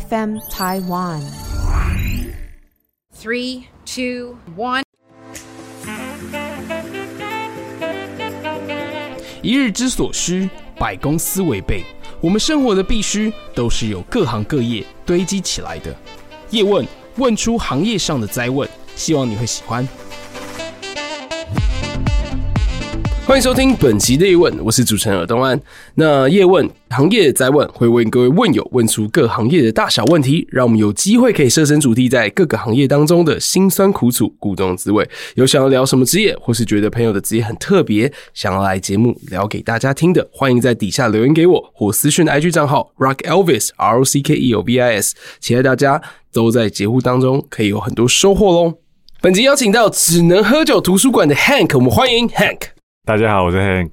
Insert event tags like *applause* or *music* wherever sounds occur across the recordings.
FM Taiwan。Three, two, one。2 3, 2, 一日之所需，百工斯為備。我們生活的必需，都是由各行各業堆積起來的。業問，問出行業上的哉問，希望你會喜歡。歡迎收聽本集的業問，我是主持人耳東安。那業問行業再問，會問各位問友，問出各行業的大小問題，讓我們有機會可以設身處地，在各個行業當中的辛酸苦楚、苦中滋味。有想要聊什麼職業，或是覺得朋友的職業很特別，想要來節目聊給大家聽的，歡迎在底下留言給我，或私訊 IG 賬號 Rock Elvis R O C K E L V I S。期待大家都在節目當中可以有很多收穫嘍。本集邀請到只能喝酒圖書館的 Hank，我們歡迎 Hank。大家好，我是 Hank。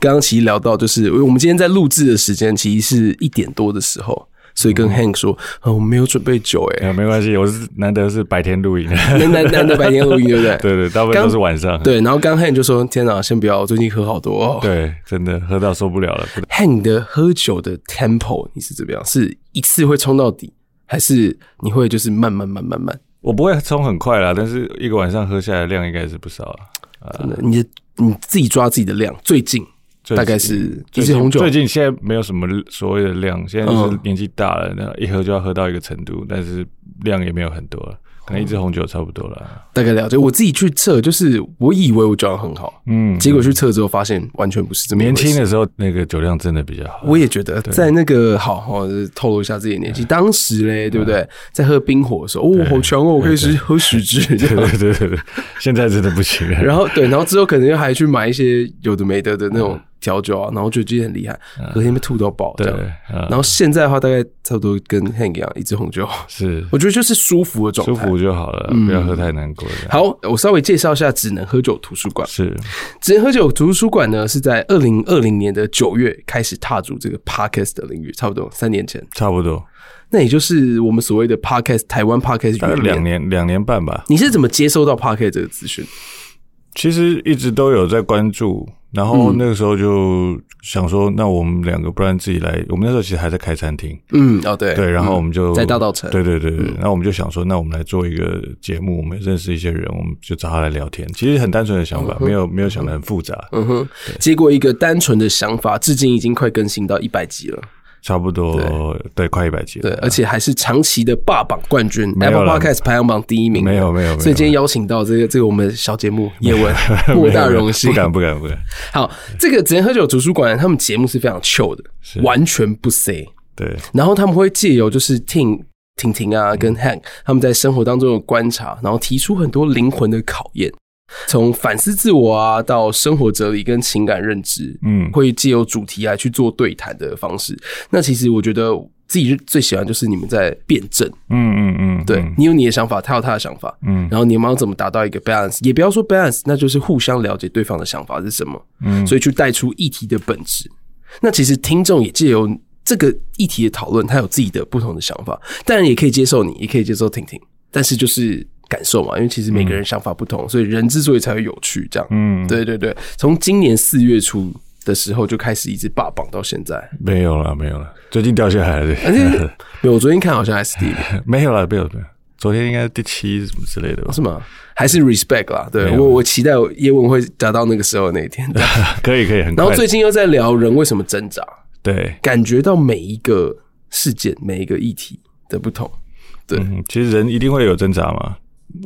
剛剛其實聊到，就是我們今天在錄製的時間其實是一點多的時候，所以跟 Hank 說，嗯哦、我沒有準備酒哎、欸啊，沒關係，我是難得是白天錄音。難難難得白天錄音對不對？ *laughs* 對，對對，大部分都是晚上。對，然後剛 Hank 就說：“天哪、啊，先不要，最近喝好多、哦。”對，真的喝到受不了了。Hank 你的喝酒的 tempo 你是怎麼樣？是一次會衝到底，還是你會就是慢慢慢慢慢、慢？我不會衝很快啦，但是一個晚上喝下來量應該是不少啊，啊真的，你。你、嗯、自己抓自己的量，最近，最近大概是最近紅酒。最近現在沒有什麼所謂的量，現在就是年紀大了、嗯，那一喝就要喝到一個程度，但是量也沒有很多了。可能一支紅酒差不多了，大概了解。我自己去測，就是我以為我酒量很好，嗯，嗯，結果去測之後發現完全不是這麼。年輕的時候那個酒量真的比較好，我也覺得。在那個對好好透露一下自己的年紀，當時嘞，對不對、嗯？在喝冰火的時候，哦，我好強哦，我可以去喝十支。對對對對，對，對，現在真的不行了。 *laughs* 然後對，然後之後可能又還去買一些有的沒得的那種。嗯調酒啊，然後覺得這些很厲害，昨天被吐到爆。對、啊，然後現在的話，大概差不多跟 Hank 一樣一支紅酒。是，我覺得就是舒服的狀態，舒服就好了，嗯、不要喝太難過。好，我稍微介紹一下，只能喝酒圖書館。是，只能喝酒圖書館呢，是在二零二零年的九月開始踏足這個 Podcast 的領域，差不多三年前，差不多。那也就是我們所謂的 Podcast 台灣 Podcast 大概兩年兩年半吧。你是怎麼接收到 Podcast 這個資訊、嗯？其實一直都有在關注。然後那個時候就想說、嗯，那我們兩個不然自己來。我們那時候其實還在開餐廳，嗯，哦對對，然後我們就、嗯、在大稻埕，對對對對、嗯。然後我們就想說，那我們來做一個節目，我們認識一些人，我們就找他來聊天。其實很單純的想法，嗯、沒有沒有想的很複雜。嗯哼，結果一個單純的想法，至今已經快更新到一百集了。差不多，對，對快一百集，啊，對，而且還是長期的霸榜冠軍，Apple Podcast 排行榜第一名沒？沒有，沒有，所以今天邀請到這個這個我們小節目業問莫大榮幸，幸。不敢，不敢，不敢。好，這個“只能喝酒的圖書館”他們節目是非常 chill 的，是完全不 say。對，然後他們會借由就是 Ting 婷婷啊跟 Hank、嗯、他們在生活當中的觀察，然後提出很多靈魂的考驗。從反思自我啊，到生活哲理跟情感認知，嗯，會借由主題來去做對談的方式。那其實我覺得自己最喜歡就是你們在辯證，嗯嗯嗯，對，你有你的想法，他有他的想法，嗯，然後你們要怎麼達到一個 balance？也不要說 balance，那就是互相了解對方的想法是什麼，嗯，所以去帶出議題的本質。那其實聽眾也借由這個議題的討論，他有自己的不同的想法，當然也可以接受你，也可以接受婷婷，但是就是。感受嘛，因為其實每個人想法不同，嗯、所以人之所以才會有趣。這樣，嗯，對對對。從今年四月初的時候就開始一直霸榜到現在，沒有了，沒有了，最近掉下來了。而且， *laughs* 我昨天看好像還是第沒有了，沒有沒有。昨天應該是第七什麼之類的吧？是嗎？還是 respect 啦？對啦我，我期待業問會達到那個時候的那一天。對 *laughs* 可以可以很，然後最近又在聊人為什麼掙扎對，對，感覺到每一個事件、每一個議題的不同，對，嗯、其實人一定會有掙扎嘛。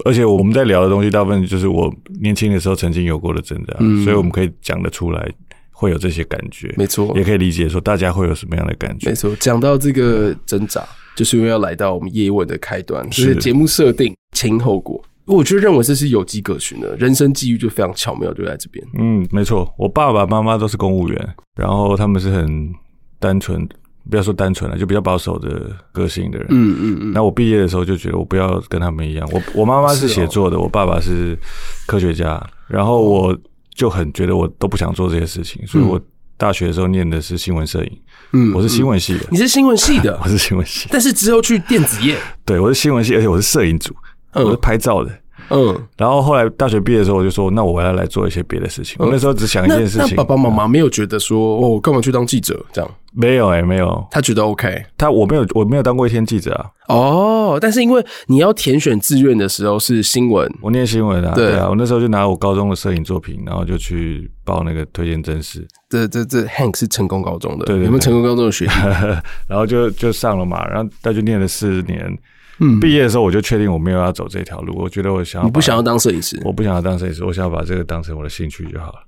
而且我們在聊的東西，大部分就是我年輕的時候曾經有過的掙扎，嗯、所以我們可以講得出來，會有這些感覺，沒錯，也可以理解說大家會有什麼樣的感覺，沒錯。講到這個掙扎、嗯，就是因為要來到我們業問的開端，就是節目設定前因後果，我就認為這是有跡可循的，人生際遇就非常巧妙，就在這邊。嗯，沒錯，我爸爸媽媽都是公務員，然後他們是很單純。不要說單純了，就比較保守的個性的人。嗯嗯嗯。那我畢業的時候就覺得我不要跟他們一樣。我我媽媽是寫作的、哦，我爸爸是科學家，然後我就很覺得我都不想做這些事情，嗯、所以我大學的時候念的是新聞攝影。嗯，我是新聞系的、嗯嗯。你是新聞系的？ *laughs* 我是新聞系的。但是之後去電子業。 *laughs* 對，我是新聞系，而且我是攝影組、嗯，我是拍照的。嗯，然後後來大學畢業的時候，我就說：“那我還要來做一些別的事情。嗯”我那時候只想一件事情。爸爸媽媽沒有覺得說：“哦，幹、哦、嘛去當記者？”這樣沒有誒、欸、沒有。他覺得 OK，他我沒有我沒有當過一天記者啊。嗯、哦，但是因為你要填選志願的時候是新聞，我念新聞的、啊。對啊，我那時候就拿我高中的攝影作品，然後就去報那個推薦甄試。這這這，Hank 是成功高中的，對，對，對，你有們有成功高中的學， *laughs* 然後就就上了嘛，然後他就念了四年。嗯，畢業的時候我就確定我沒有要走這條路，我覺得我想要，你不想要當攝影師？我不想要當攝影師，我想要把這個當成我的興趣就好了。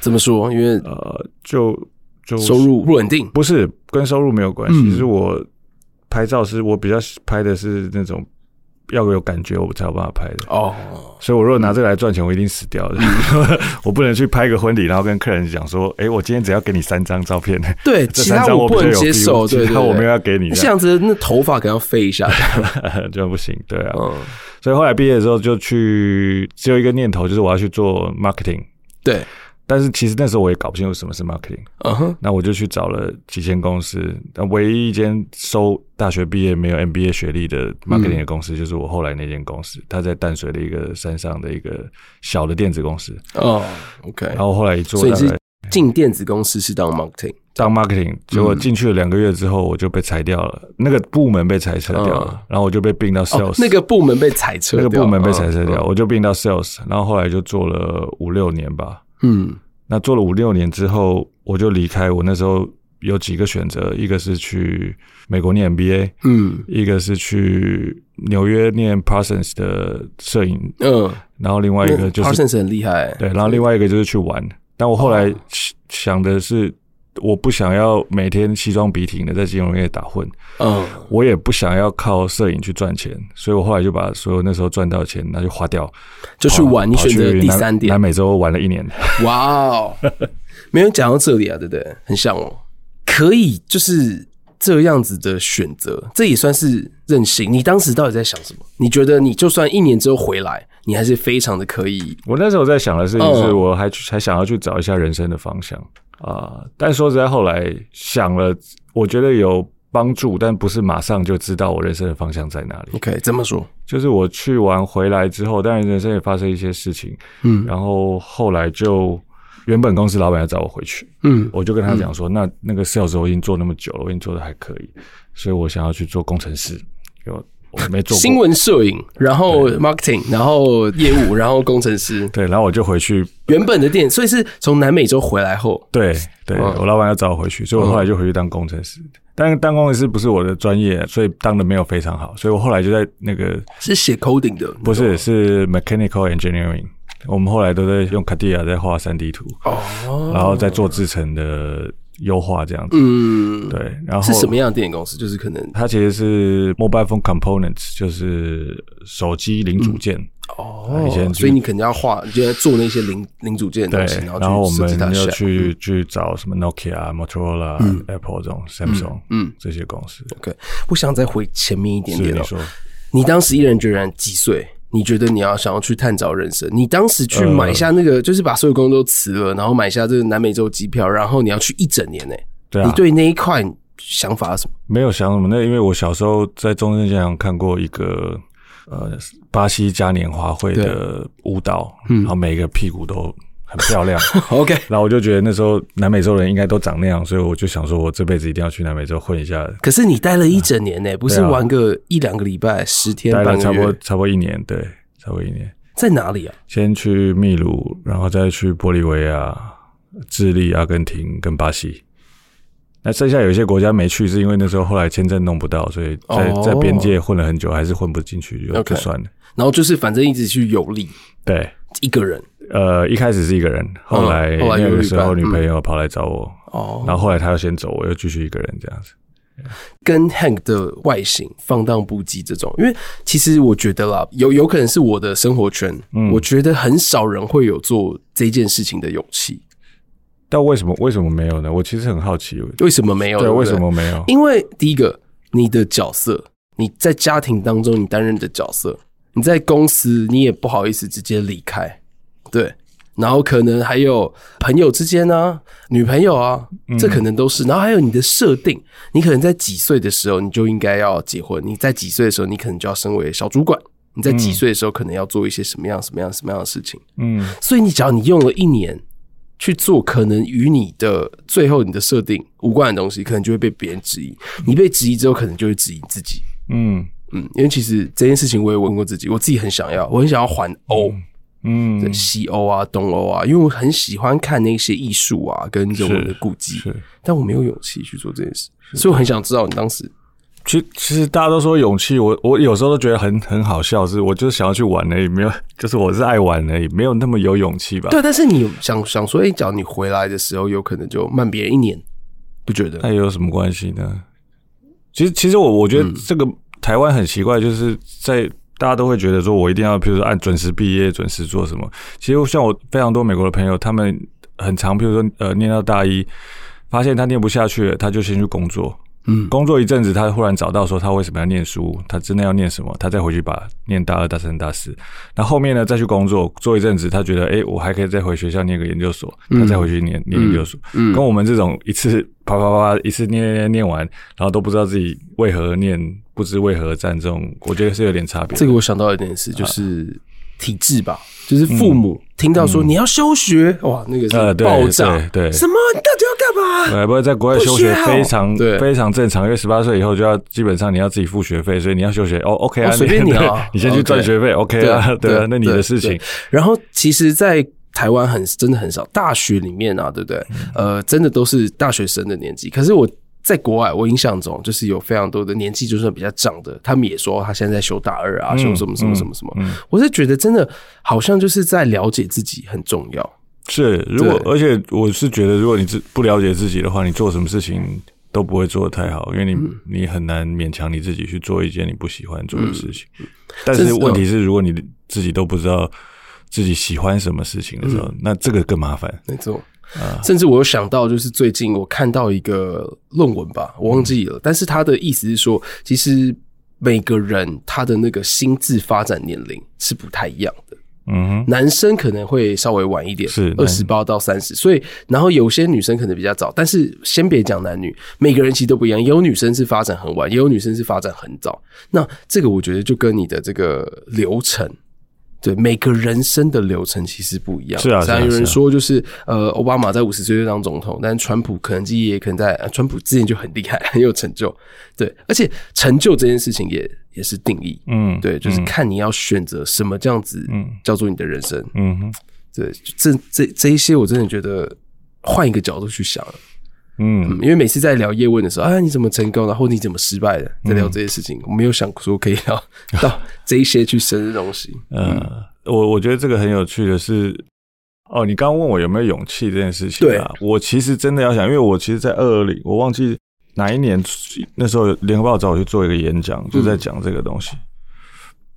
怎麼說？因為呃，就就收入不穩定，不是，跟收入沒有關係，是、嗯、我拍照是我比較拍的是那種。要有感覺，我才有辦法拍的哦。Oh. 所以，我如果拿這個來賺錢、嗯，我一定死掉的。 *laughs* 我不能去拍個婚禮，然後跟客人講說：“哎、欸，我今天只要給你三張照片。”對，這三張我不能接受。其他我沒有要給你。對對對，這樣子，那頭髮可能要飛一下 *laughs* 就不行。對啊，Oh. 所以後來畢業的時候，就去只有一個念頭，就是我要去做 marketing。對。但是其實那時候我也搞不清楚什麼是 marketing、uh。嗯 -huh. 那我就去找了幾間公司，那唯一一間收大學畢業沒有 MBA 學歷的 marketing 的公司、嗯，就是我後來那間公司。他在淡水的一個山上的一個小的電子公司。哦、oh, OK。然後我後來一做，所以是進電子公司是當 marketing。當 marketing，結果進去了兩個月之後，我就被裁掉了。那個部門被裁撤掉了，然後我就被併到 sales。那個部門被裁撤、uh, oh, 哦，那個部門被裁撤掉、那個部門被裁撤掉，嗯，我就併到 sales、uh。Uh, 然後後來就做了五六年吧。嗯，那做了五六年之後，我就離開。我那時候有幾個選擇，一個是去美國念 MBA，嗯，一個是去紐約念 Parsons 的攝影，嗯，然後另外一個就是 Parsons 很厲害，對，然後另外一個就是去玩。但我後來想的是。我不想要每天西裝筆挺的在金融業打混，嗯，我也不想要靠攝影去賺錢，所以我後來就把所有那時候賺到的錢那就花掉，就去玩。你選擇第三點南，南美洲玩了一年，哇哦！沒有講到這裡啊，對不對？很像哦，可以就是這樣子的選擇，這也算是任性。你當時到底在想什麼？你覺得你就算一年之後回來？你還是非常的可以。我那時候在想的事情是，我還去還想要去找一下人生的方向啊。但說實在，後來想了，我覺得有幫助，但不是馬上就知道我人生的方向在哪裡。OK，這麼說，就是我去完回來之後，當然人生也發生一些事情，嗯，然後後來就原本公司老闆要找我回去，嗯，我就跟他講說，那那個 sales 我已經做那麼久了，我已經做的還可以，所以我想要去做工程師。給我。新聞攝影，然後 marketing，然後業務，然後工程師。 *laughs* 對，然後我就回去原本的店，所以是從南美洲回來後。對對、嗯，我老闆要找我回去，所以我後來就回去當工程師、嗯。但當工程師不是我的專業，所以當的沒有非常好。所以我後來就在那個是寫 coding 的，不是、嗯、是 mechanical engineering。我們後來都在用卡地 a 在畫三 D 圖、哦，然後在做製成的。優化這樣子，嗯。對，然後是什麼樣的電影公司？就是可能它其實是 mobile phone components，就是手機零組件、嗯、哦。所以你肯定要畫，你要做那些零零組件的東西。對，然後，然後我們又去、嗯、去找什麼 Nokia、Motorola、嗯、Apple 這種 Samsung，嗯，嗯，這些公司。OK，我想再回前面一點點了。說，你當時毅然決然幾歲？你覺得你要想要去探索人生？你當時去買下那個，呃、就是把所有工作都辭了，然後買下這個南美洲機票，然後你要去一整年呢、欸？對啊，你對那一塊想法是什麼？沒有想什麼，那因為我小時候在中間經常看過一個呃巴西嘉年華會的舞蹈，然後每個屁股都。嗯漂亮 *laughs* ，OK。然後我就覺得那時候南美洲人應該都長那樣，所以我就想說，我這輩子一定要去南美洲混一下。可是你待了一整年呢、欸啊，不是玩個一兩個禮拜、啊、十天半個月，待了差不多差不多一年，對，差不多一年。在哪裡啊？先去秘魯，然後再去玻利維亞、智利、阿根廷跟巴西。那剩下有些國家沒去，是因為那時候後來簽證弄不到，所以在、哦、在邊界混了很久，還是混不進去就、Okay，就算了。然後就是反正一直去遊歷，對，一個人。呃，一開始是一個人，後來有的時候，女朋友跑來找我，嗯後嗯哦、然後後來她要先走，我又繼續一個人這樣子。跟 Hank 的外形放蕩不羈這種，因為其實我覺得啦，有有可能是我的生活圈、嗯，我覺得很少人會有做這件事情的勇氣。但為什麼為什麼沒有呢？我其實很好奇，為什麼沒有呢？對對？對，為什麼沒有？因為第一個，你的角色，你在家庭當中你擔任的角色，你在公司你也不好意思直接離開。對，然後可能還有朋友之間呢、啊，女朋友啊，這可能都是，嗯。然後還有你的設定，你可能在幾歲的時候你就應該要結婚，你在幾歲的時候你可能就要升為小主管，你在幾歲的時候可能要做一些什麼樣、什麼樣、什麼樣的事情。嗯，所以你只要你用了一年去做，可能與你的最後你的設定無關的東西，可能就會被別人質疑。你被質疑之後，可能就會質疑自己。嗯嗯，因為其實這件事情我也問過自己，我自己很想要，我很想要環歐。嗯嗯，西歐啊，東歐啊，因為我很喜歡看那些藝術啊，跟這種的古蹟，但我沒有勇氣去做這件事，所以我很想知道你當時。其實，其實大家都說勇氣，我我有時候都覺得很很好笑，是，我就是想要去玩而已，沒有，就是我是愛玩而已，沒有那麼有勇氣吧。對，但是你想想說，欸，假如你回來的時候，有可能就慢別人一年，不覺得？那有什麼關係呢？其實，其實我我覺得這個台灣很奇怪，就是在。大家都會覺得說，我一定要，譬如說按準時畢業、準時做什麼。其實，像我非常多美國的朋友，他們很常，譬如說呃，念到大一，發現他念不下去了，他就先去工作。嗯，工作一陣子，他忽然找到說，他為什麼要念書？他真的要念什麼？他再回去把念大二、大三、大四。那後面呢，再去工作做一陣子，他覺得，欸，我還可以再回學校念個研究所。他再回去念、嗯、念研究所。嗯。嗯，跟我們這種一次啪啪啪一次念念念完，然後都不知道自己為何念。不知為何佔眾，我覺得是有點差別。這個我想到一件事，就是體制吧、啊，就是父母聽到說、嗯嗯、你要休學，哇，那個是爆炸，呃、對，對，對什麼？你到底要幹嘛？對，不會在國外休學非常對非常正常，因為十八歲以後就要基本上你要自己付學費，所以你要休學、哦、，O、okay、K 啊，隨、哦、便你啊，你，你先去賺學費，O K 啊，對，那你的事情。然後其實，在台灣很真的很少，大學裡面啊，對不對？嗯、呃，真的都是大學生的年紀。可是我。在國外，我印象中就是有非常多的年紀，就算比較長的，他們也說他現在在修大二啊，嗯、修什麼什麼什麼什麼、嗯嗯。我是覺得真的好像就是在了解自己很重要。是，如果而且我是覺得，如果你不不了解自己的話，你做什麼事情都不會做得太好，因為你、嗯、你很難勉強你自己去做一件你不喜歡做的事情。嗯、但是問題是，如果你自己都不知道自己喜歡什麼事情的時候，嗯、那這個更麻煩。沒錯。甚至我有想到，就是最近我看到一個論文吧，我忘記了。嗯，但是他的意思是說，其實每個人他的那個心智發展年齡是不太一樣的。嗯，男生可能會稍微晚一點，是二十八到三十。所以，然後有些女生可能比較早。但是先別講男女，每個人其實都不一樣。也有女生是發展很晚，也有女生是發展很早。那這個我覺得就跟你的這個流程。對，每個人生的流程其實不一樣，是啊。雖然有人說，就是，是啊、是啊、呃，奧巴馬在五十歲就當總統，但川普可能自己也可能在、啊、川普之前就很厲害，很有成就。對，而且成就這件事情也也是定義，嗯，對，就是看你要選擇什麼這樣子，嗯，叫做你的人生，嗯哼，對，這這這一些我真的覺得換一個角度去想。嗯，因為每次在聊業問的時候，啊，你怎麼成功，然後你怎麼失敗的，在聊這些事情，嗯、我沒有想說可以聊到，到這一些去深的東西。嗯、 *laughs* 呃，我我覺得這個很有趣的是，哦，你剛剛問我有沒有勇氣這件事情、啊，對，我其實真的要想，因為我其實，在二二零，我忘記哪一年那時候，聯合報找我去做一個演講，就在講這個東西、嗯，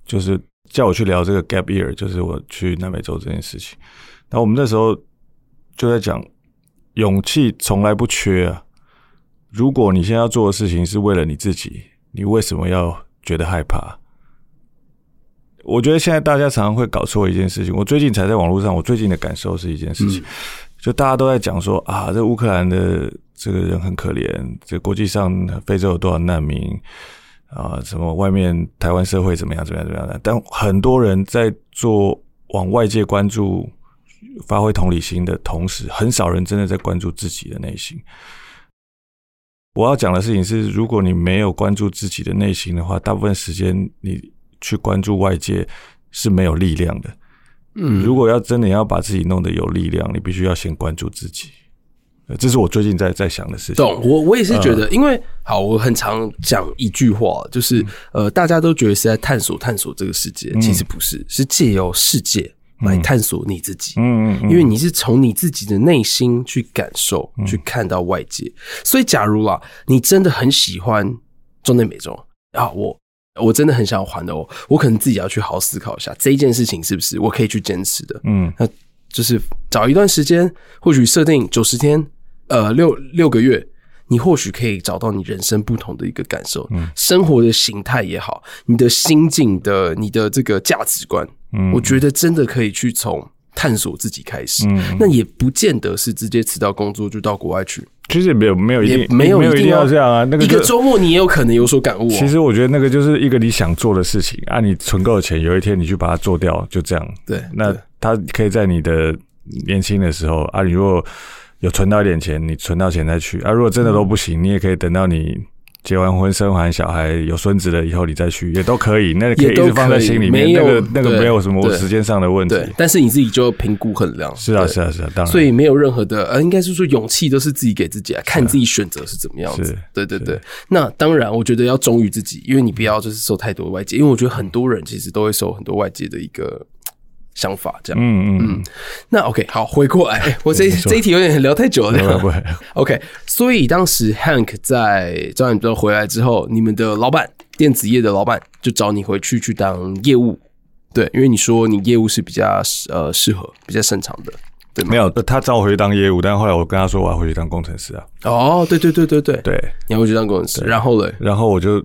就是叫我去聊這個 gap year，就是我去南美洲這件事情。然後我們那時候就在講。勇氣從來不缺啊！如果你現在要做的事情是為了你自己，你為什麼要覺得害怕？我覺得現在大家常常會搞錯一件事情。我最近才在網絡上，我最近的感受是一件事情，嗯、就大家都在講說啊，這烏克蘭的這個人很可憐，這個、國際上非洲有多少難民啊，什麼外面台灣社會怎麼樣，怎麼樣，怎麼樣的？但很多人在做往外界關注，發揮同理心的同時，很少人真的在關注自己的內心。我要講的事情是，如果你沒有關注自己的內心的話，大部分時間你去關注外界是沒有力量的。嗯，如果要真的要把自己弄得有力量，你必須要先關注自己。這是我最近在在想的事情。懂，我我也是覺得，呃、因為好，我很常講一句話，就是呃，大家都覺得是在探索探索這個世界，其實不是，嗯、是藉由世界，來探索你自己，嗯嗯，嗯，因為你是從你自己的內心去感受、嗯、去看到外界，所以假如啦，你真的很喜歡中南美洲啊，我我真的很想要還的哦，我可能自己要去好好思考一下這一件事情是不是我可以去堅持的，嗯，那就是找一段時間，或許設定九十天，呃，六六個月，你或許可以找到你人生不同的一個感受，嗯、生活的形態也好，你的心境的，你的這個價值觀。嗯、我覺得真的可以去從探索自己開始，嗯,那也不見得是直接辭掉工作就到國外去。其實沒有沒有，一定，沒有一定也沒有一定要這樣啊，那個一個周末你也有可能有所感悟啊。其實我覺得那個就是一個你想做的事情啊，你存夠錢，有一天你去把它做掉，就這樣。對，那他可以在你的年輕的時候啊，你如果有存到一點錢，你存到錢再去啊。如果真的都不行，你也可以等到你。結完婚生完小孩有孫子了以後你再去也都可以，那可以一直放在心裡面。沒有，那個那個沒有什麼時間上的問題。對對對，但是你自己就評估衡量。是啊是啊是啊，當然。所以沒有任何的呃，應該是說勇氣都是自己給自己啊，啊，看自己選擇是怎麼樣子。對對對，那當然我覺得要忠於自己，因為你不要就是受太多外界。因為我覺得很多人其實都會受很多外界的一個想法這樣，嗯嗯嗯，那 OK，好，回過來，欸、我這一這一題有點聊太久了 *laughs* ，OK。所以當時 Hank 在招你之後回來之後，你們的老闆電子業的老闆就找你回去去當業務，對，因為你說你業務是比較適呃適合、比較擅長的，對，沒有，他找我回去當業務，但後來我跟他說我要回去當工程師啊，哦，對對對對對對，你要回去當工程師，然後嘞，然後我就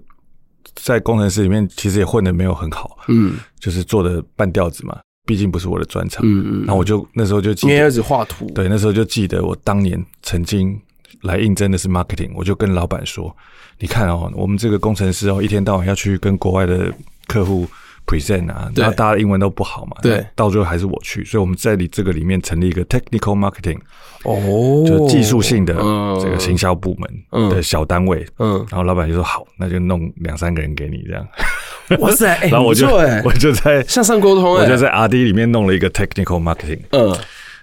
在工程師裡面其實也混得沒有很好，嗯，就是做的半吊子嘛。畢竟不是我的專長，嗯嗯，那我就那時候就因為兒子畫圖，對，那時候就記得我當年曾經來應徵的是 marketing，我就跟老板說，你看哦，我們這個工程師哦，一天到晚要去跟國外的客戶 present 啊，對，然後大家英文都不好嘛，對，到最後還是我去，所以我們在你這個裡面成立一個 technical marketing，哦，就技術性的這個行銷部門的小單位，嗯，嗯，然後老板就說好，那就弄兩三個人給你這樣。我是在，欸、 *laughs* 然後我就我就在向上溝通，我就在、欸、在 R D 裡面弄了一個 technical marketing。嗯，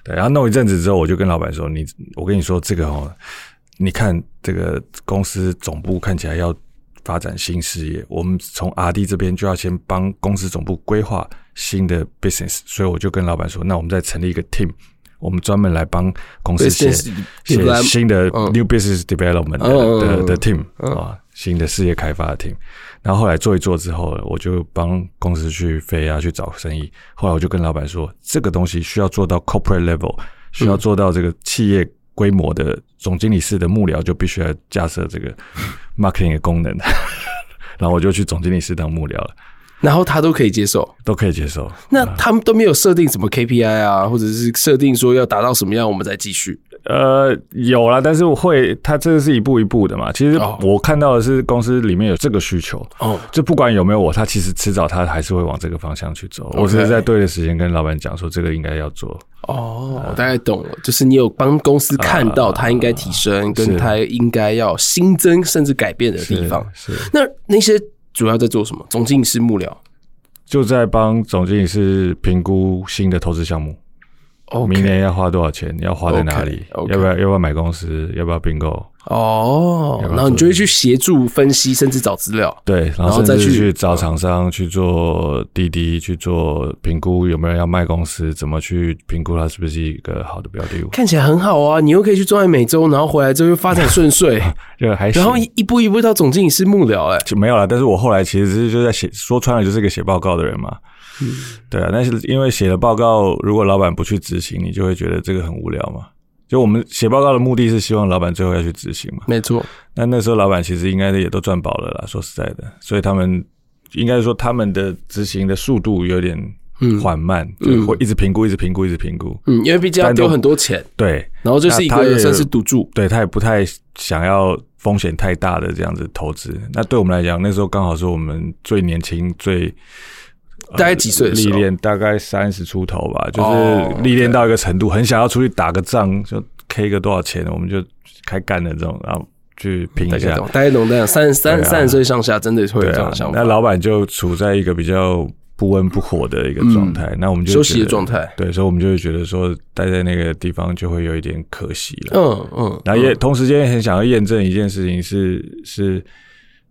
對，然後弄一陣子之後，我就跟老板說：“你，我跟你說這個哦，你看這個公司總部看起來要發展新事業，我們從 R D 這邊就要先幫公司總部規劃新的 business，所以我就跟老板說，那我們再成立一個 team，我們專門來幫公司寫寫、嗯、新的 new business development、嗯、的的、的 team 啊、哦，新的事業開發的 team。”然後後來做一做之後，我就幫公司去飛啊去找生意。後來我就跟老板說，這個東西需要做到 corporate level，需要做到這個企業規模的總經理室的幕僚，就必須要架設這個 marketing 的功能。 *laughs* 然後我就去總經理室當幕僚了。 *laughs* 然後他都可以接受，都可以接受。那他們都沒有設定什麼 KPI 啊，或者是設定說要達到什麼樣，我們再繼續。呃，有啦，但是我會，它這個是一步一步的嘛。其實我看到的是公司裡面有這個需求，哦、oh. oh.，就不管有沒有我，他其實遲早他還是會往這個方向去走。Okay. 我是在對的時間跟老板講說，這個應該要做。哦、oh, 呃，我大概懂了，就是你有幫公司看到他應該提升，跟他應該要新增甚至改變的地方。是，是那，那些主要在做什麼？總經理室幕僚，就在幫總經理室評估新的投資項目。Okay, okay, okay, 明年要花多少錢？要花在哪裡？Okay, okay, 要不要？要不要買公司？要不要併購？哦，然後你就會去協助分析，甚至找資料。對，然後再去找廠商去做滴滴，去，去做評估，有沒有要賣公司、哦？怎麼去評估它是不是一個好的標的？看起來很好啊！你又可以去中南美洲，然後回來之後又發展順遂， *laughs* 就還行然後一步一步到總經理室幕僚、欸，哎，就沒有了。但是我後來其實就是就在寫，說穿了就是一個寫報告的人嘛。嗯、對啊，但是因為寫了報告，如果老闆不去執行，你就會覺得這個很無聊嘛。就我們寫報告的目的是希望老闆最後要去執行嘛。沒錯。那那時候老闆其實應該也都賺飽了啦，說實在的，所以他們應該說他們的執行的速度有點緩慢、嗯，就會一直評估、嗯、一直評估，一直評估，一直評估。嗯，因為畢竟要丟很多錢。對。然後就是一個算是賭注。那他也，對，他也不太想要風險太大的這樣子投資、嗯。那對我們來講，那時候剛好是我們最年輕最。呃、大概幾歲？歷練大概三十出頭吧，就是歷練到一個程度，oh, okay. 很想要出去打個仗，就 K 個多少錢，我們就開幹的這種，然後去拼一下。大概懂？大家懂，懂？三三、啊、三十歲上下，真的會有這種的想法。啊、那老板就處在一個比較不溫不火的一個狀態、嗯，那我們就休息的狀態。對，所以我們就會覺得說，待在那個地方就會有一點可惜了。嗯嗯。然後也同時間也很想要驗證一件事情是，是是，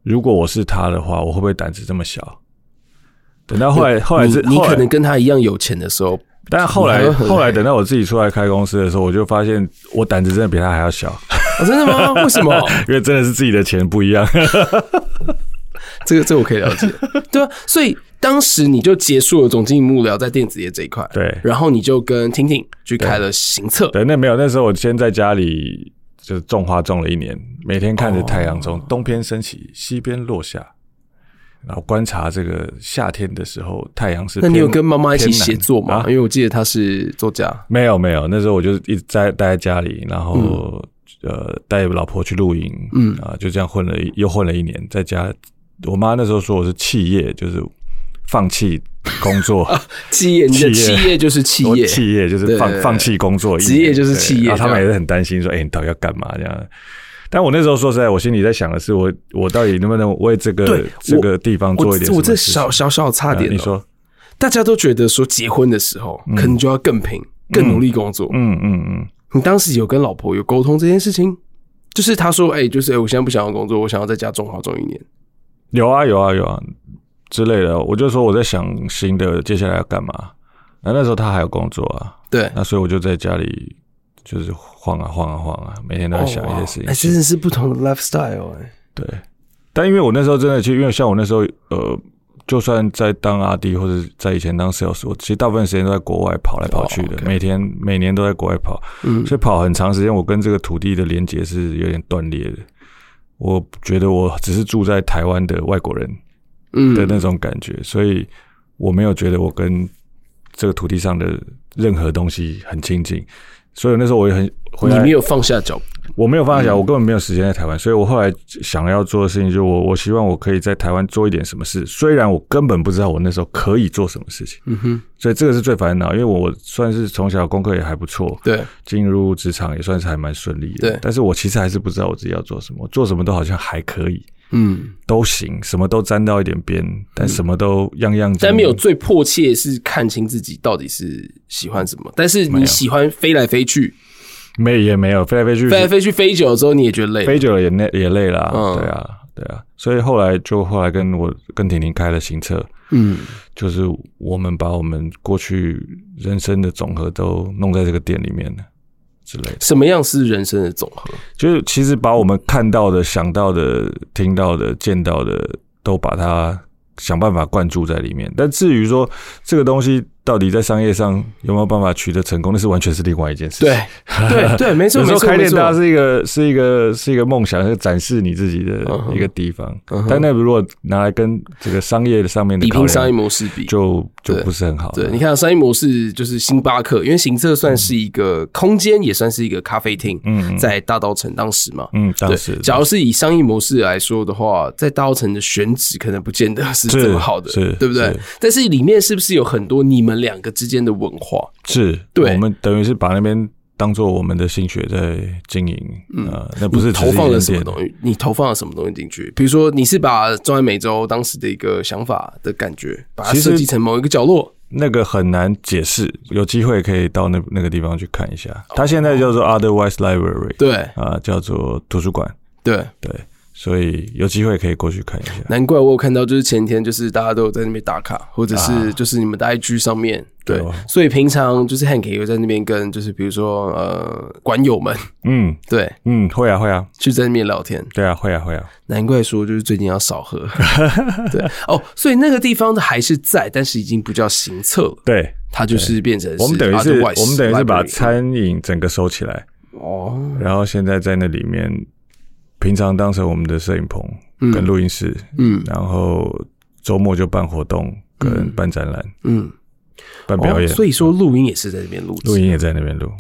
如果我是他的話，我會不會膽子這麼小？等到後來，後來是，你可能跟他一樣有錢的時候，但後來後來，等到我自己出來開公司的時候，我就發現我膽子真的比他還要小。 *laughs* 哦、真的嗎？為什麼？ *laughs* 因為真的是自己的錢不一樣。 *laughs* 這個，這個、我可以了解， *laughs* 對吧？所以當時你就結束了總經理幕僚在電子業這一塊，對。然後你就跟婷婷去開了行冊。對，那沒有，那時候我先在家裡就種花，種了一年，每天看着太陽從東邊升起，西邊落下。然後觀察這個夏天的時候，太陽是。那你有跟媽媽一起寫作嗎？啊、因為我記得她是作家。沒有沒有，那時候我就一直在待，待在家裡，然後、嗯、呃帶老婆去露營，嗯啊，就這樣混了又混了一年，在家。我媽那時候說我是棄業，就是放棄工作。棄 *laughs* 業，你的棄業就是棄業，棄業就是放放棄工作。職業就是企業，他們也是很擔心說：“誒、欸、你到底要幹嘛這樣？”但我那時候說實在，我心裡在想的是我，我我到底能不能為這個這個地方做一點事情我？我這小小小差點、喔。你說，大家都覺得說結婚的時候可能就要更拼、嗯、更努力工作。嗯嗯嗯,嗯。你當時有跟老婆有溝通這件事情？就是他說：“哎、欸，就是哎、欸，我現在不想要工作，我想要在家種花種一年。”有啊有啊有啊之類的。我就說我在想新的接下來要幹嘛。那那時候他還有工作啊。對。那所以我就在家裡。就是晃啊晃啊晃啊，每天都在想一些事情。哎、oh, wow. 欸，其實是不同的 lifestyle 哎、欸。對，但因為我那時候真的，就因為像我那時候，呃，就算在當 RD 或者在以前當 sales，我其實大部分時間都在國外跑來跑去的，oh, okay. 每天每年都在國外跑，嗯，所以跑很長時間，我跟這個土地的連接是有點斷裂的。我覺得我只是住在台灣的外國人，嗯的那種感覺，mm. 所以我沒有覺得我跟這個土地上的任何東西很親近。所以那時候我也很，你沒有放下腳，我沒有放下腳，我根本沒有時間在台灣。所以我後來想要做的事情，就我我希望我可以在台灣做一點什麼事。雖然我根本不知道我那時候可以做什麼事情，嗯哼。所以這個是最煩惱，因為我算是從小功課也還不錯，對，進入職場也算是還蠻順利的，對。但是我其實還是不知道我自己要做什麼，做什麼都好像還可以。嗯，都行，什麼都沾到一點邊，但什麼都樣樣、嗯。但沒有最迫切是看清自己到底是喜歡什麼，但是你喜歡飛來飛去，沒也沒有飛來飛，飛來飛去，飛來飛去飛久了之後你也覺得累，飛久了也累也累了，啊嗯，對啊對啊，所以後來就後來跟我跟婷婷開了行冊，嗯，就是我們把我們過去人生的總和都弄在這個店裡面了。什麼樣是人生的總和？就是其實把我們看到的、想到的、聽到的、見到的，都把它想辦法灌注在裡面。但至於說這個東西。到底在商業上有沒有辦法取得成功？那是完全是另外一件事。對對對，沒錯沒錯。有 *laughs* 時開店，大家是一個是一個是一個夢想，是展示你自己的一個地方。Uh -huh. 但那如果拿來跟這個商業的上面的比，拼商業模式比，就就不是很好對。對，你看商業模式，就是星巴克，因為行冊算是一個空間、嗯，也算是一個咖啡廳。嗯，在大稻埕當時嘛，嗯，嗯，當時，假如是以商業模式來說的話，在大稻埕的選址可能不見得是這麼好的，是。對不對？是是，但是裡面是不是有很多你們？兩個之間的文化是，對。我們等於是把那邊當做我們的心血在經營，嗯、呃，那不是投放了什麼東西？你投放了什麼東西進去？比如說，你是把中南美洲當時的一個想法的感覺，把它設計成某一個角落，那個很難解釋。有機會可以到那那個地方去看一下。它現在叫做 Otherwise Library，對啊、呃，叫做圖書館，對對。所以有機會可以過去看一下。難怪我有看到，就是前天就是大家都在那邊打卡，或者是就是你們的 IG 上面，啊，對，對。所以平常就是 Hank 有在那邊跟就是比如說呃館友們，嗯對，嗯會啊會啊，去在那邊聊天。嗯，對啊會啊會啊。難怪說就是最近要少喝。 *laughs* 對哦，所以那個地方的還是在，但是已經不叫行冊，對，它就是變成是我們等於是，Otherwise, 我們等於是把餐飲整個收起來哦，嗯，然後現在在那裡面。平常當成我們的攝影棚跟錄音室，嗯，然後週末就辦活動跟辦展覽，嗯，辦表演。嗯哦、所以說錄音也是在那邊錄，錄、嗯、音也在那邊錄、哦，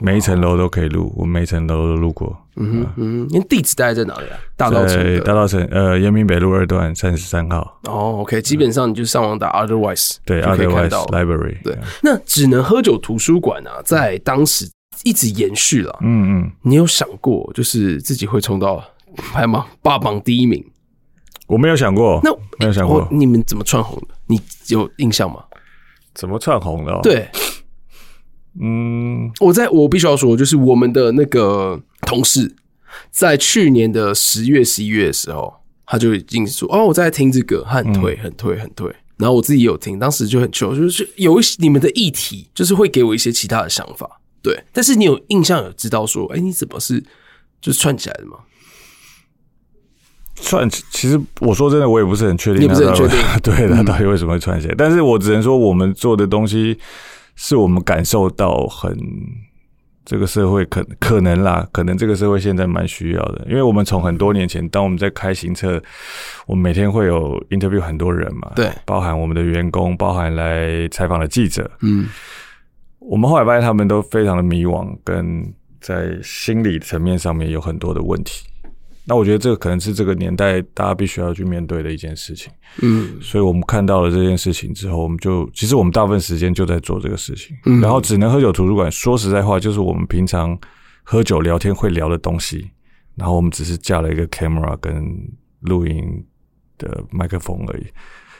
每一層樓都可以錄、哦，我每一層樓都錄過。嗯、啊、嗯，連、嗯、地址大概在哪裡啊？大稻埕，大稻埕，呃，延平北路二段三十三號。哦，OK，基本上你就上網打 Otherwise，對 Otherwise Library，對，yeah. 那只能喝酒圖書館啊，在當時一直延續了，嗯嗯，你有想過就是自己會衝到拍嗎？還霸榜第一名？我沒有想過，那沒有想過、欸哦。你們怎麼竄紅的？你有印象嗎？怎麼竄紅的、哦？對，嗯，我在我必須要說，就是我們的那個同事在去年的十月、十一月的時候，他就已經說：“哦，我在聽這個很、嗯，很推，很推，很推。”然後我自己有聽，當時就很糗，就是有一些你們的議題，就是會給我一些其他的想法。對，但是你有印象有知道說，哎、欸，你怎麼是就是串起來的嗎？串起其實，我說真的，我也不是很確定他到底。你也不是很確定。對，他到底為什麼會串起來？嗯、但是我只能說，我們做的東西是我們感受到很這個社會可能，可能啦，可能這個社會現在蠻需要的。因為我們從很多年前，當我們在開行冊，我們每天會有 interview 很多人嘛，對，包含我們的員工，包含來採訪的記者，嗯。我們後來發現，他們都非常的迷惘，跟在心理層面上面有很多的問題。那我覺得這個可能是這個年代大家必須要去面對的一件事情。嗯，所以我們看到了這件事情之後，我們就其實我們大部分時間就在做這個事情。嗯，然後只能喝酒圖書館，說實在話，就是我們平常喝酒聊天會聊的東西。然後我們只是架了一個 camera 跟錄音的麥克風而已。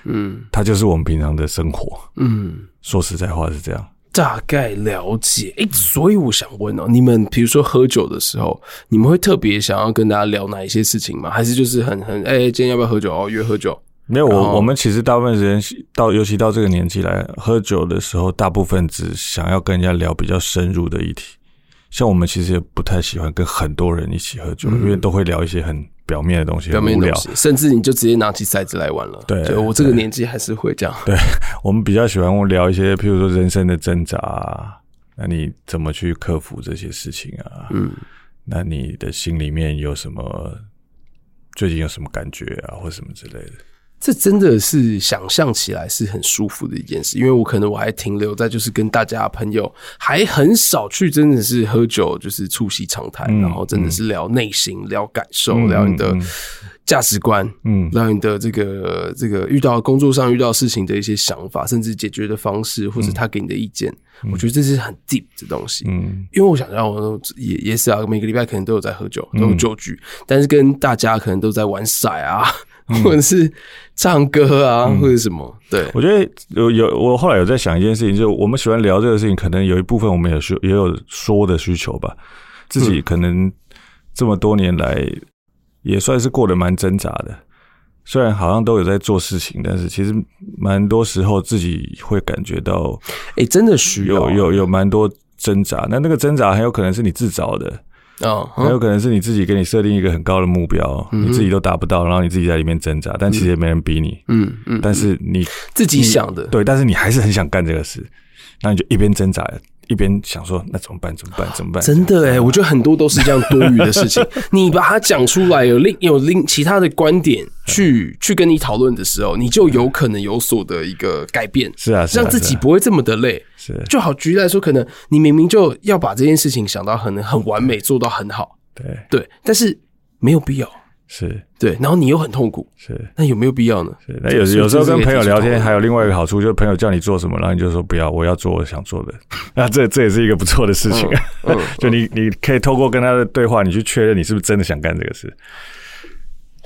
嗯，它就是我們平常的生活。嗯，說實在話是這樣。大概了解，哎，所以我想問哦，你們比如說喝酒的時候，你們會特別想要跟大家聊哪一些事情嗎？還是就是很很，哎，今天要不要喝酒？哦，約喝酒。沒有，我我們其實大部分時間到，尤其到這個年紀來喝酒的時候，大部分只想要跟人家聊比較深入的議題。像我們其實也不太喜歡跟很多人一起喝酒，因為都會聊一些很。表面的東西，表面的東西，甚至你就直接拿起骰子來玩了。對，我這個年紀還是會這樣。對，對我們比較喜歡聊一些，譬如說人生的掙扎啊，那你怎麼去克服這些事情啊？嗯，那你的心裡面有什麼？最近有什麼感覺啊，或什麼之類的？這真的是想象起來是很舒服的一件事，因為我可能我還停留在就是跟大家的朋友還很少去，真的是喝酒，就是促膝長談，然後真的是聊內心、嗯、聊感受、嗯、聊你的價值觀，嗯，聊你的這個這個遇到工作上遇到事情的一些想法，嗯、甚至解決的方式，或者他給你的意見、嗯，我覺得這是很 deep 的東西。嗯，因為我想象我都，讓我也也是啊，每個禮拜可能都有在喝酒，都有酒局、嗯，但是跟大家可能都在玩骰啊。或者是唱歌啊，嗯、或者什麼？對，我覺得有有，我後來有在想一件事情，就我們喜歡聊這個事情，可能有一部分我們也需也有說的需求吧。自己可能這麼多年來也算是過得蠻掙扎的，雖然好像都有在做事情，但是其實蠻多時候自己會感覺到，哎、欸，真的需要有有有蠻多掙扎。那那個掙扎很有可能是你自找的。哦，很有可能是你自己給你設定一個很高的目標，mm-hmm. 你自己都達不到，然後你自己在裡面掙扎，嗯，但其實也沒人逼你。嗯嗯，但是你，嗯，你自己想的，對，但是你還是很想幹這個事，那你就一邊掙扎了。一邊想說，那怎麼辦？怎麼辦？怎麼辦？真的哎，我覺得很多都是這樣多餘的事情。 *laughs* 你把它講出來，有另有另其他的觀點去 *laughs* 去跟你討論的時候，你就有可能有所的一個改變。 *laughs* 是啊，是啊，讓自己不會這麼的累。是啊，是啊，是啊。就好舉例來說，可能你明明就要把這件事情想到很很完美， *laughs* 做到很好。對對，但是沒有必要。是，對，然後你又很痛苦，是，那有沒有必要呢？是那有有，有時候跟朋友聊天，還有另外一個好處，就是朋友叫你做什麼，然後你就說不要，我要做我想做的， *laughs* 那這這也是一個不錯的事情。嗯嗯、 *laughs* 就你你可以透過跟他的對話，你去確認你是不是真的想幹這個事。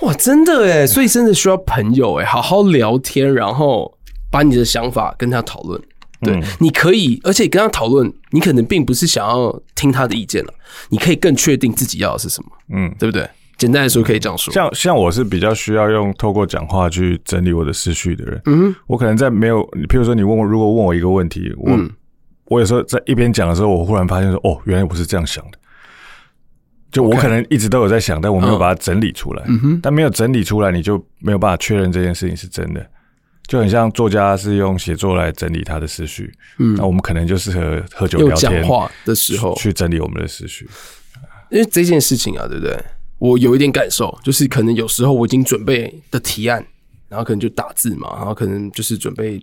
哇，真的哎，所以甚至需要朋友哎，好好聊天，然後把你的想法跟他討論。對、嗯，你可以，而且跟他討論，你可能並不是想要聽他的意見了，你可以更確定自己要的是什麼。嗯，對不對？簡單的時候可以這樣說，嗯、像像我是比較需要用透過講話去整理我的思緒的人，嗯，我可能在沒有，比如說你問我，如果問我一個問題，我、嗯、我有時候在一邊講的時候，我忽然發現說，哦，原來我是這樣想的，就我可能一直都有在想，okay. 但我沒有把它整理出來，嗯但沒有整理出來，你就沒有辦法確認這件事情是真的，就很像作家是用寫作來整理他的思緒，嗯，那我們可能就適合喝酒、聊天講話的時候去,去整理我們的思緒，因為這件事情啊，對不對？我有一點感受，就是可能有時候我已經準備的提案，然後可能就打字嘛，然後可能就是準備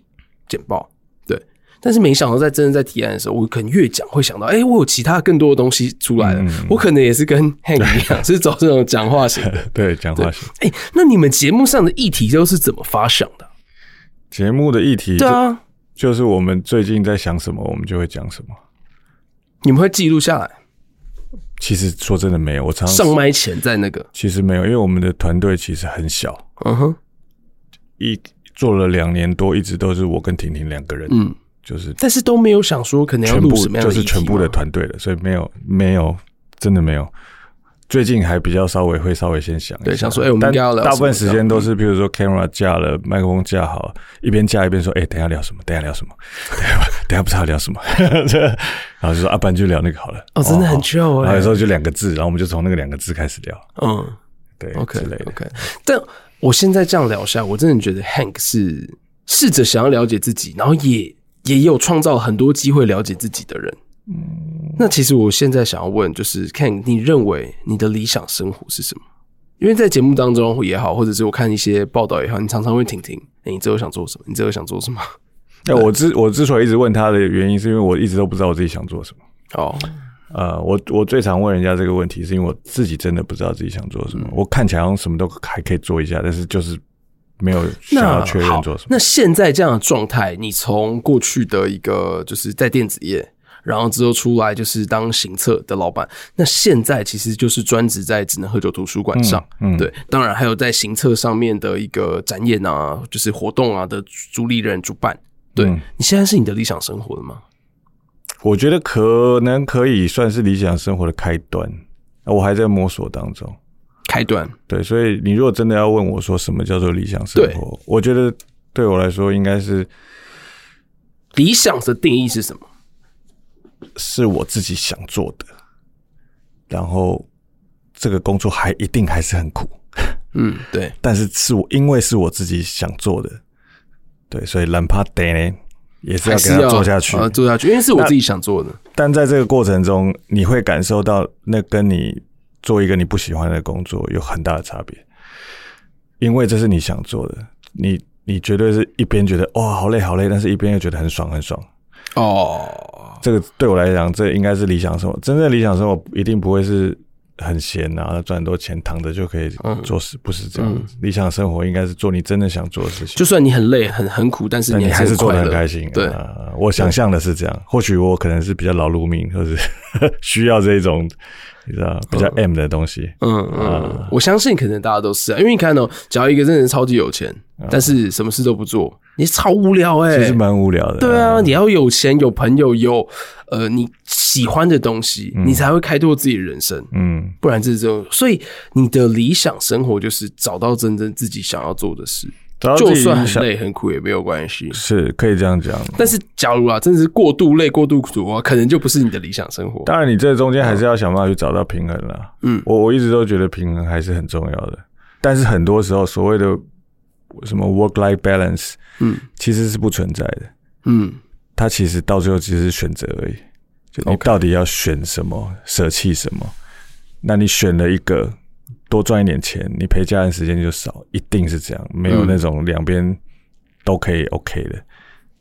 簡報，對。但是沒想到在真的在提案的時候，我可能越講會想到，哎、欸，我有其他更多的東西出來了、嗯，我可能也是跟 Hank 一樣，是走這種講話型，對，對，講話型。哎、欸，那你們節目上的議題都是怎麼發想的？節目的議題，對啊，就是我們最近在想什麼，我們就會講什麼。你們會記錄下來？其實說真的沒有，我常常上麥前在那個，其實沒有，因為我們的團隊其實很小，嗯哼，一做了兩年多，一直都是我跟婷婷兩個人，嗯，就是，但是都沒有想說可能要錄什麼樣的就是全部的團隊了，所以沒有，沒有，真的沒有。最近還比較稍微會稍微先想一下，對，想說哎、欸，我們應該要聊。大部分時間都是，比如說 camera 架了，麥克風架好，一邊架一邊說，哎、欸，等一下聊什麼？等一下聊什麼？等一下等一下不知道聊什麼， *laughs* *laughs* 然後就說不然、啊、就聊那個好了。哦，哦真的很 chill 然後有時候就兩個字，然後我們就從那個兩個字開始聊。嗯，對，OK OK。Okay. 但我現在這樣聊下，我真的覺得 Hank 是試着想要了解自己，然後也也有創造很多機會了解自己的人。嗯，那其實我現在想要問，就是看你認為你的理想生活是什麼？因為在節目當中也好，或者是我看一些報道也好，你常常問婷婷、欸、你最後想做什麼？你最後想做什麼？那我之我之所以一直問他的原因，是因為我一直都不知道我自己想做什麼。哦、oh.，呃，我我最常問人家這個問題，是因為我自己真的不知道自己想做什麼，嗯。我看起來好像什麼都還可以做一下，但是就是沒有想要確認做什麼。那那現在這樣的狀態，你從過去的一個就是在電子業。然後之後出來就是當行冊的老闆，那現在其實就是專職在只能喝酒圖書館上，嗯，嗯對，當然還有在行冊上面的一個展演啊，就是活動啊的主理人主辦。對、嗯、你現在是你的理想生活了嗎？我覺得可能可以算是理想生活的開端，我還在摸索當中。開端對，所以你如果真的要問我說什麼叫做理想生活，對，我覺得對我來說應該是理想的定義是什麼？是我自己想做的，然後這個工作還一定還是很苦，嗯，對。但是是我因為是我自己想做的，對，所以懶趴捏咧也是要給它做下去，做下去，因為是我自己想做的。但在這個過程中，你會感受到那跟你做一個你不喜歡的工作有很大的差別，因為這是你想做的，你你絕對是一邊覺得哇、哦、好累好累，但是一邊又覺得很爽很爽哦。這個對我來講，這個、應該是理想生活。真正理想生活一定不會是很閒啊，然後賺很多錢，躺着就可以做事，不是這樣子、嗯。理想生活應該是做你真的想做的事情。就算你很累、很很苦，但是你還是，你是做得很開心。對、嗯，我想象的是這樣。或許我可能是比較勞碌命，或者是需要這種。比較比較 M 的東西，嗯嗯，嗯，嗯，我相信可能大家都是，啊，因為你看哦、喔，只要一個真的超級有錢、嗯，但是什麼事都不做，你超無聊哎、欸，其實蠻無聊的。對啊、嗯，你要有錢、有朋友、有呃你喜歡的東西，你才會開拓自己的人生。嗯，不然就是，所以你的理想生活就是找到真正自己想要做的事。然後就算很累很苦也沒有關係 *noise* ，是可以這樣講。但是假如啊，真的是過度累、過度苦的話，可能就不是你的理想生活。當然，你這中間還是要想辦法去找到平衡啦。嗯，我我一直都覺得平衡還是很重要的。但是很多時候所謂的什麼 work-life balance，嗯，其實是不存在的。嗯，它其實到最後只是選擇而已。就你到底要選什麼，okay. 捨棄什麼？那你選了一個。多賺一點錢，你陪家人時間就少，一定是這樣，沒有那種兩邊都可以 OK 的、嗯。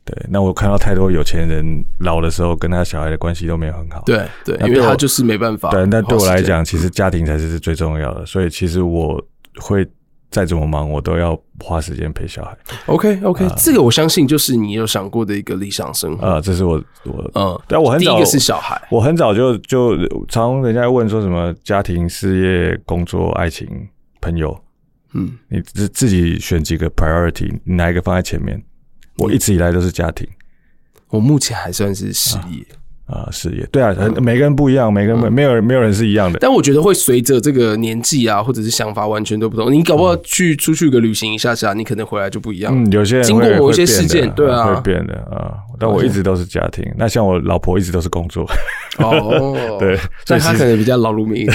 對，那我看到太多有錢人老的時候跟他小孩的關係都沒有很好，嗯、對對，因為他就是沒辦法。對，那對我來講，其實家庭才是最重要的，所以其實我會。再怎麼忙，我都要花時間陪小孩。OK OK，呃，這個我相信就是你有想過的一個理想生活啊，呃。這是我我嗯，呃，但我很早第一個是小孩，我很早就就常常人家問說什麼家庭、事業、工作、愛情、朋友，嗯，你自自己選幾個 priority，哪一個放在前面？我，我一直以來都是家庭，我目前還算是事業。呃啊、uh，事業對啊，嗯、每個人不一樣，嗯、每個人、嗯、沒有人沒有人是一樣的。但我覺得會隨着這個年紀啊，或者是想法完全都不同。你搞不好去出去個旅行一下下、嗯，你可能回來就不一樣。嗯，有些人經過某些事件，對啊，會變的啊。那我一直都是家庭，啊，那像我老婆一直都是工作，哦， *laughs* 對，所以她可能比較勞碌命，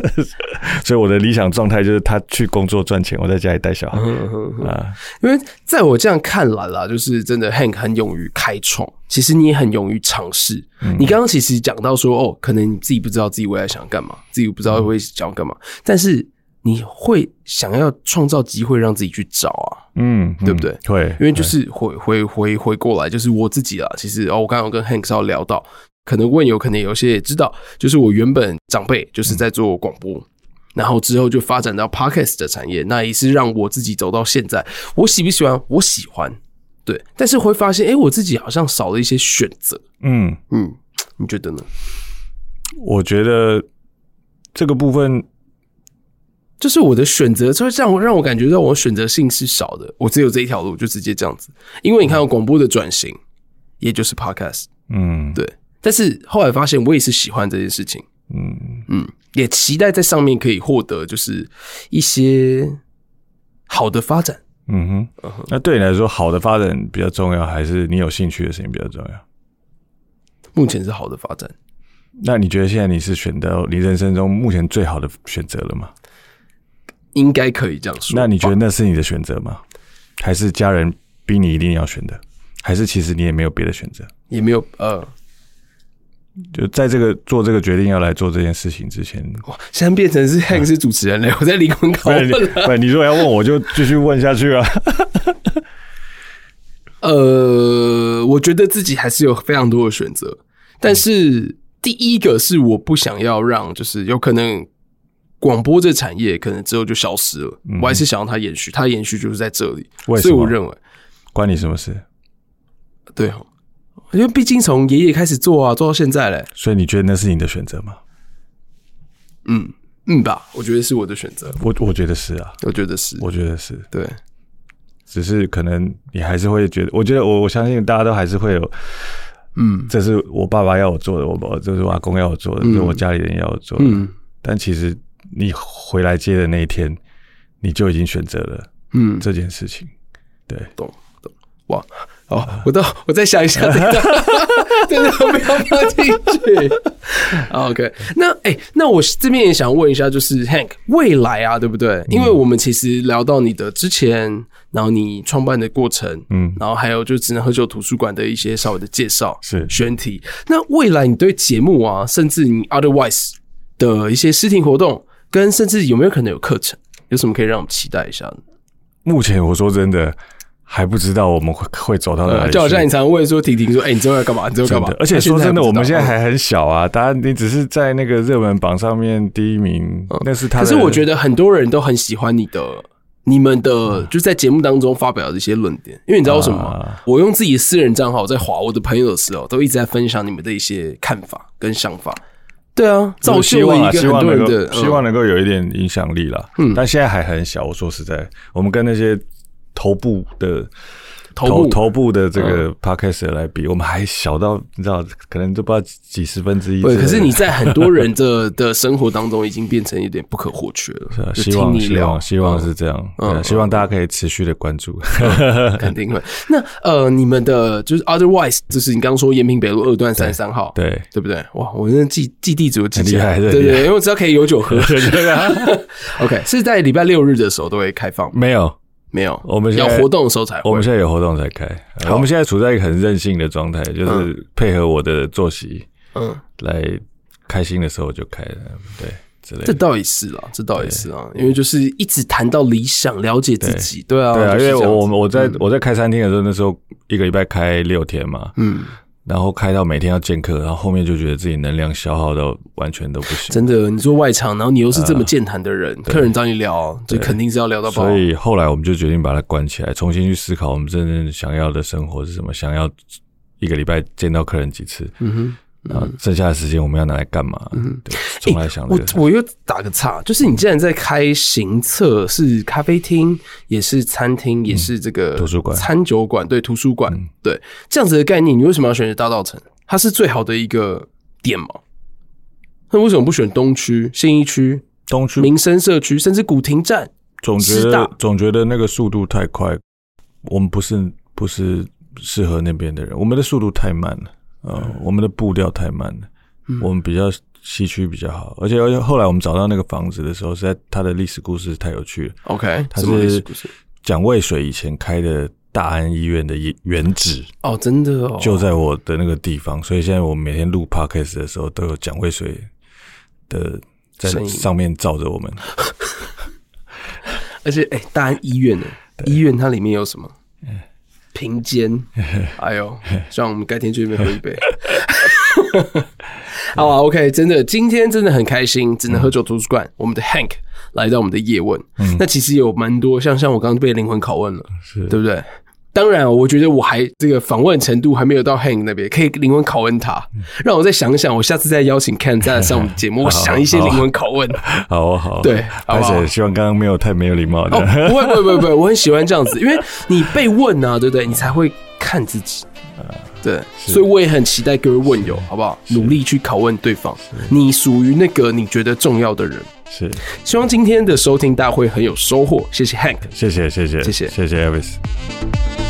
*laughs* 所以我的理想狀態就是她去工作賺錢，我在家裡帶小孩呵呵呵，因為在我這樣看來啦，就是真的 Hank 很勇於開創，其實你也很勇於嘗試。你剛剛其實講到說，哦，可能你自己不知道自己未來想幹嘛，自己不知道會想要幹嘛，嗯，但是。你會想要創造機會讓自己去找啊，嗯，對不對？嗯、對，因為就是回回回回過來，就是我自己啊。其實哦，我剛剛有跟 Hank 要聊到，可能問友，可能有些也知道，就是我原本長輩就是在做廣播、嗯，然後之後就發展到 Podcast 的產業，那也是讓我自己走到現在。我喜不喜歡？我喜歡。對，但是會發現，哎，我自己好像少了一些選擇。嗯嗯，你覺得呢？我覺得這個部分。就是我的選擇，就是讓讓我感覺到我的選擇性是少的，我只有這一條路，就直接這樣子。因為你看有廣播的轉型、嗯，也就是 Podcast，嗯，對。但是後來發現，我也是喜歡這件事情，嗯嗯，也期待在上面可以獲得就是一些好的發展。嗯哼，那對你來說，好的發展比較重要，還是你有興趣的事情比較重要？目前是好的發展。那你覺得現在你是選到你人生中目前最好的選擇了嗎？應該可以這樣說。那你覺得那是你的選擇嗎？還是家人逼你一定要選的？還是其實你也沒有別的選擇？也沒有，呃，就在這個做這個決定要來做這件事情之前，哇，現在變成是 Hank 主持人了。呃，我在離婚考試。你如果要問，我就繼續問下去啊。 *laughs* 呃，我覺得自己還是有非常多的選擇，但是第一個是我不想要讓，就是有可能。廣播這個產業可能之後就消失了，嗯、我還是想讓它延續。它延續就是在這裡，所以我認為關你什麼事？對，因為畢竟從爺爺開始做啊，做到現在嘞。所以你覺得那是你的選擇嗎？嗯嗯吧，我覺得是我的選擇。我我覺得是啊，我覺得是，我覺得是對。只是可能你還是會覺得，我覺得我我相信大家都還是會有，嗯，這是我爸爸要我做的，我這是我阿公要我做的，嗯、這是我家裡人要我做的，嗯、但其實。你回來接的那一天，你就已經選擇了，嗯，這件事情，嗯、對，懂懂哇，哦，我都我再想一下，一下，真的沒有聽進去。OK，那哎、欸，那我這邊也想問一下，就是 Hank 未來啊，對不對、嗯？因為我們其實聊到你的之前，然後你創辦的過程，嗯，然後還有就只能喝酒圖書館的一些稍微的介紹，是選題。那未來你對節目啊，甚至你 Otherwise 的一些詩情活動。跟甚至有沒有可能有課程？有什麼可以讓我們期待一下呢？目前我說真的還不知道我們會會走到哪裡去、嗯。就好像你常問說婷婷說：“哎、欸，你知道要幹嘛？你知道幹嘛？”而且、啊、說真的，我們現在還很小啊。當然，你只是在那個熱門榜上面第一名，嗯、那是他。可是我覺得很多人都很喜歡你的、你們的，就在節目當中發表的一些論點。因為你知道為什麼？嗎、啊？我用自己的私人賬號在划我的朋友的時候，都一直在分享你們的一些看法跟想法。對啊，我希望希望能夠希望能夠有一點影響力啦，嗯，但現在還很小。我說實在，我們跟那些頭部的頭部頭，頭部的這個 Podcast 來比，嗯，我們還小到，你知道，可能都不知道幾十分之一之類的。對，可是你在很多人的 *laughs* 的生活當中，已經變成有點不可或缺了是，啊希你。希望希望希望是這樣，嗯嗯，希望大家可以持續的關注。嗯嗯、 *laughs* 肯定會。那呃，你們的就是 Otherwise 就是你剛剛說延平北路二段三十三號，對對，對不對？哇，我真的地記記地址很厲害，對，對對，因為只要可以有酒喝。對對對啊對對對啊、 *laughs* OK，是在禮拜六日的時候都會開放嗎？沒有。沒有，我們現在有活動的時候才開。我們現在有活動才開。我們現在處在一個很任性的狀態、嗯，就是配合我的作息，嗯，來開心的時候就開了、嗯，對，之類的。這倒也是啦，這倒也是啊，因為就是一直談到理想，了解自己對，對啊，對啊，就是、因為我我在我在開餐廳的時候、嗯，那時候一個禮拜開六天嘛，嗯。然後開到每天要見客，然後後面就覺得自己能量消耗到完全都不行。真的，你做外場，然後你又是這麼健談的人，呃，客人找你聊，這肯定是要聊到爆。所以後來我們就決定把它關起來，重新去思考我們真正想要的生活是什麼，想要一個禮拜見到客人幾次。嗯哼。那、啊、剩下的時間我們要拿來幹嘛？嗯，對。來想對對欸、我我又打個岔，就是你既然在開行冊、嗯，是咖啡廳，也是餐廳，也是這個、嗯、圖書館、餐酒館，對，圖書館、嗯、對這樣子的概念，你為什麼要選擇大稻埕？它是最好的一個點嘛。那為什麼不選東區、信義區、東區民生社區，甚至古亭站？總覺得總覺得那個速度太快，我們不是不是適合那邊的人，我們的速度太慢了。呃、哦，我們的步調太慢了，嗯，我們比較西區比較好，而且而且後來我們找到那個房子的時候，實在它的歷史故事太有趣了。OK，它是蔣渭水以前開的大安醫院的原址哦，真的哦，就在我的那個地方，哦哦、所以現在我們每天錄 podcast 的時候都有蔣渭水的，在上面照着我們。 *laughs* 而且，哎、欸，大安醫院呢？醫院它裡面有什麼？嗯平肩，哎呦，希望我們改天去那邊喝一杯。好、okay. 啊、 *laughs* *laughs* yeah. oh,，OK，真的，今天真的很開心，只能喝酒圖書館。我們的 Hank 來到我們的業問、嗯，那其實也有蠻多，像像我剛剛被靈魂拷問了，對不對？當然，我覺得我還這個訪問程度還沒有到 Hank 那邊，可以靈魂拷問他，讓我再想一想，我下次再邀請 Ken 上我們的節目， *laughs* 我想一些靈魂拷問。好啊，好，對，而且好好希望剛剛沒有太沒有禮貌的。哦，不會，不會，不會，我很喜歡這樣子，因為你被問啊，對不對？你才會看自己。啊、對，所以我也很期待各位問友，好不好？努力去拷問對方，你屬於那個你覺得重要的人。是，希望今天的收聽大家會很有收穫。謝謝 Hank，謝謝，謝謝，謝謝，謝謝 Elvis。